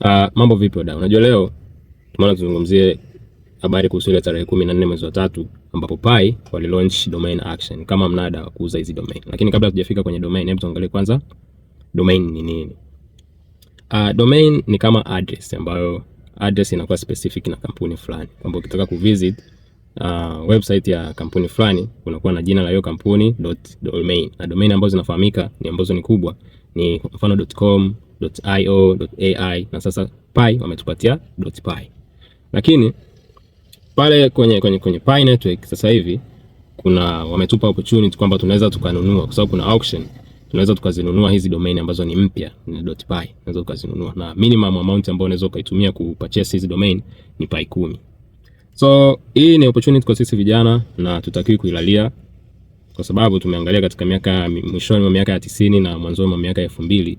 Uh, mambo vipi wadau? Unajua leo tumeona tuzungumzie habari kuhusu ile tarehe 14 mwezi wa tatu ambapo Pi wali launch domain action kama mnada wa kuuza hizi domain. Lakini kabla hatujafika kwenye domain, hebu tuangalie kwanza domain ni nini. Uh, domain ni kama address ambayo address inakuwa specific na kampuni fulani. Kwamba ukitaka kuvisit uh, website ya kampuni fulani unakuwa na jina la hiyo kampuni .domain. Na domain ambazo zinafahamika ni ambazo ni kubwa ni mfano .com, .io.ai na sasa Pi wametupatia .pi. Lakini pale kwenye, kwenye, kwenye Pi network sasa hivi kuna wametupa opportunity kwamba tunaweza tukanunua kwa sababu kuna auction, tunaweza tukazinunua hizi domain ambazo ni mpya ni .pi, unaweza ukazinunua na minimum amount ambayo unaweza ukaitumia purchase hizi domain ni Pi kumi. So hii ni opportunity kwa sisi vijana na tutakiwi kuilalia kwa sababu tumeangalia katika miaka mwishoni mwa miaka ya tisini na mwanzoni mwa miaka ya elfu mbili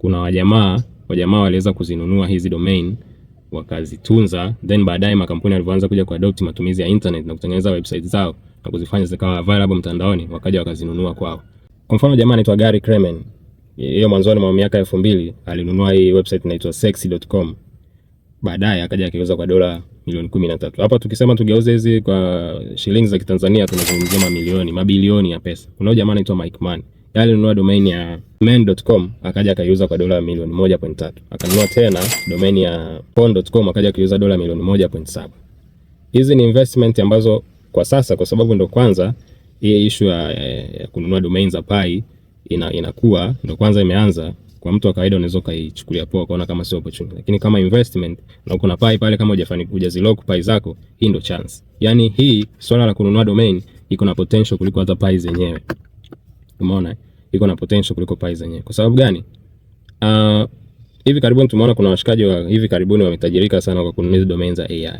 kuna wajamaa wajamaa waliweza kuzinunua hizi domain wakazitunza, then baadaye makampuni yalivyoanza kuja kuadopt matumizi ya internet na kutengeneza website zao na kuzifanya zikawa available mtandaoni, wakaja wakazinunua kwao. Kwa mfano jamaa anaitwa Gary Kremen, hiyo mwanzoni mwa miaka elfu mbili alinunua hii website inaitwa sexy.com, baadaye akaja akiuza kwa dola milioni kumi na tatu. Hapa tukisema tugeuze hizi kwa shilingi za Kitanzania tunazungumzia mamilioni, mabilioni ya pesa. Kuna jamaa anaitwa Mike Mann alinunua yaani domain ya men.com akaja akaiuza kwa dola milioni 1.3. Akanunua tena domain ya pon.com akaja akiuza dola milioni 1.7. Hizi ni investment ambazo kwa sasa, kwa sababu ndo kwanza hii issue ya, ya ya kununua domain za pai ina, inakuwa ndo kwanza imeanza. Kwa mtu wa kawaida unaweza kaichukulia poa, kaona kama sio opportunity, lakini kama investment na uko na pai pale, kama hujafanikiwa hujazilock pai zako, hii ndo chance. Yani hii swala la kununua domain iko na potential kuliko hata pai zenyewe. Umeona iko na potential kuliko pai zenyewe. Kwa sababu gani? Uh, hivi karibuni tumeona kuna washikaji wa hivi karibuni wametajirika sana kwa kununua domain za AI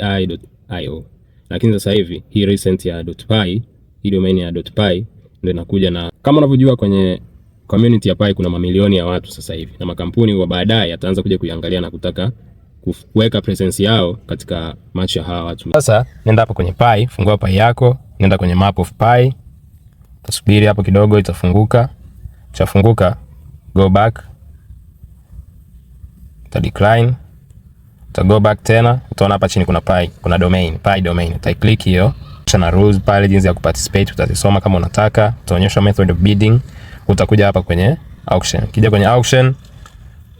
.ai.io, lakini sasa hivi hii recent ya .pi, hii domain ya .pi ndio inakuja, na kama unavyojua kwenye community ya Pi kuna mamilioni ya watu sasa hivi, na makampuni wa baadaye yataanza kuja kuiangalia na kutaka kuweka presence yao katika macho ya hawa watu. Sasa nenda hapo kwenye Pi, fungua Pi yako, nenda kwenye map of Pi Tasubiri hapo kidogo itafunguka. Chafunguka, go back. Ta decline. Ta go back tena, utaona hapa chini kuna pi, kuna domain, pi domain. Ta click hiyo. chana rules pale jinsi ya kuparticipate, utazisoma kama unataka. Utaonyeshwa method of bidding. Utakuja hapa kwenye auction. Kija kwenye auction,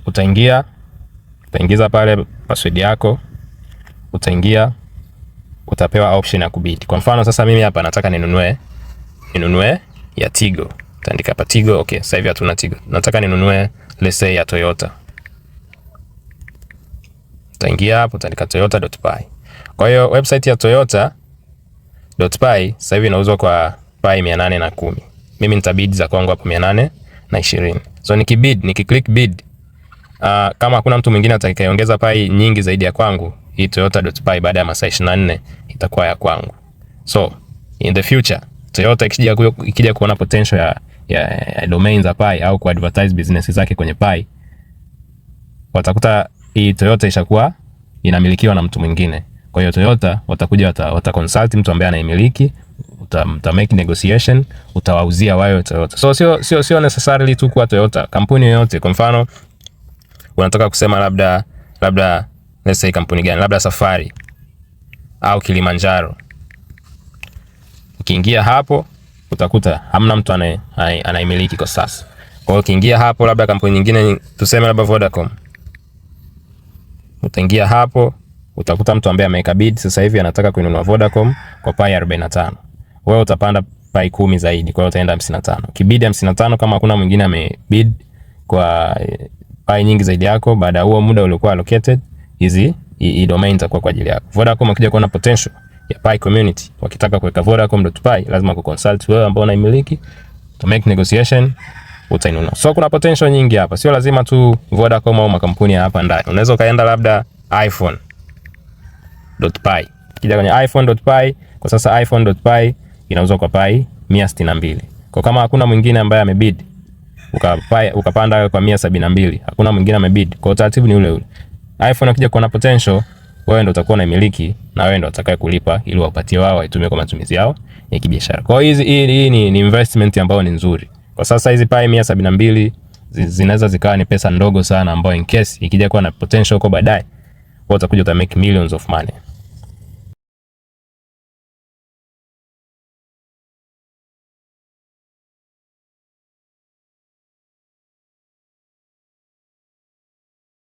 utaingia, utaingiza pale password yako. Utaingia, utapewa option ya kubid. Kwa mfano sasa mimi hapa nataka ninunue ninunue ya Tigo. Taandika hapa Tigo. Okay, sasa hivi hatuna Tigo. Nataka ninunue let's say ya Toyota. Taingia hapo, taandika toyota.py. Kwa hiyo website ya toyota.py sasa hivi inauzwa kwa pai 810. Mimi nitabid za kwangu hapo 820. So nikibid, nikiklik bid, uh, kama hakuna mtu mwingine atakayeongeza pai nyingi zaidi ya kwangu, hii toyota.py baada ya masaa 24 itakuwa ya kwangu. So in the future Toyota ikija ikija kuona potential ya, ya, ya domain za Pi au kuadvertise business zake kwenye Pi, watakuta hii Toyota ishakuwa inamilikiwa na mtu mwingine. Kwa hiyo Toyota watakuja wata, wata consult mtu ambaye anaimiliki, uta, uta make negotiation, utawauzia wao Toyota. So sio sio sio necessarily tu kwa Toyota, kampuni yoyote. Kwa mfano unataka kusema labda labda let's say kampuni gani, labda Safari au Kilimanjaro Ukiingia hapo utakuta hamna mtu anaimiliki kwa sasa. Kwa hiyo ukiingia hapo, labda kampuni nyingine, tuseme labda Vodacom, utaingia hapo utakuta mtu ambaye ameweka bid sasa hivi anataka kuinunua Vodacom kwa pai 45. Wewe utapanda pai kumi zaidi, kwa hiyo utaenda 55. Kibidi 55 kama hakuna mwingine amebid kwa eh, pai nyingi zaidi yako, baada ya huo muda uliokuwa allocated, hizi hii domain itakuwa kwa ajili yako. Vodacom akija kuona potential ya Pi community. Wakitaka kuweka Vodacom.pi lazima kuconsult wewe ambao unaimiliki to make negotiation utainunua. So kuna potential nyingi hapa. Sio lazima tu Vodacom au makampuni hapa ndani. Unaweza kaenda labda iPhone.pi. Kija kwenye iPhone.pi, kwa sasa iPhone.pi inauzwa kwa Pi 162. Kwa kama hakuna mwingine ambaye amebid ukapanda kwa 172. Hakuna mwingine amebid. Kwa utaratibu ni ule ule. iPhone akija kuona potential wewe ndo utakuwa unamiliki na wewe ndo utakaye kulipa ili wapatie wao waitumie kwa matumizi yao ya kibiashara. Kwa hiyo hii ni, ni investment ambayo ni nzuri. Kwa sasa hizi pai mia mbili zinaweza zikawa ni pesa ndogo sana ambayo in case ikija kuwa na potential huko baadaye, wewe utakuja uta make millions of money.